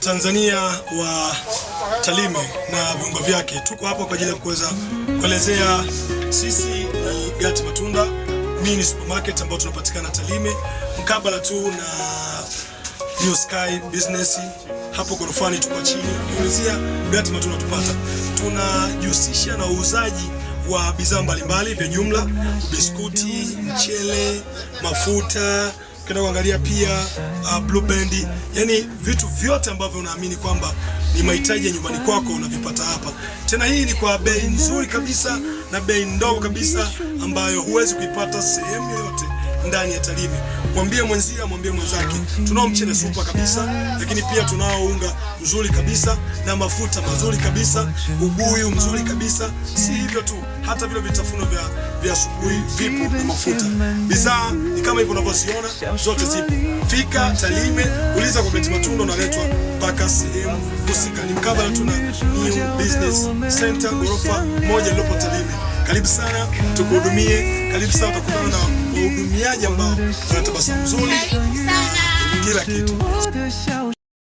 Tanzania wa Talime na viungo vyake. Tuko hapa kwa ajili ya kuweza kuelezea sisi ni eh, Gati Matunda mini supermarket ambayo tunapatikana Talime mkabala tu na New Sky Business hapo gorofani, tuko chini. Kuelezea Gati Matunda tupata, tunajihusisha na uuzaji wa bidhaa mbalimbali vya jumla, biskuti, mchele, mafuta ukienda kuangalia pia uh, Blue Band, yani vitu vyote ambavyo unaamini kwamba ni mahitaji ya nyumbani kwako unavipata hapa. Tena hii ni kwa bei nzuri kabisa na bei ndogo kabisa ambayo huwezi kuipata sehemu yoyote ndani ya Tarime. Mwambie mwenzia, mwambie mwenzake. Tunao mchele supa kabisa, lakini pia tunao unga mzuri kabisa na mafuta mazuri kabisa, ubuyu mzuri kabisa. Si hivyo tu, hata vile vitafuno vya vya asubuhi vipo na mafuta. Bidhaa ni kama hivyo unavyoziona, zote zipo. Fika Tarime, uliza kwa Beti Matunda, unaletwa mpaka sehemu husika. Ni mkabala, tuna New Business Center ghorofa moja iliyopo karibu sana, tukuhudumie. Karibu sana, utakutana na wahudumiaji ambao wana tabasamu nzuri, kila kitu.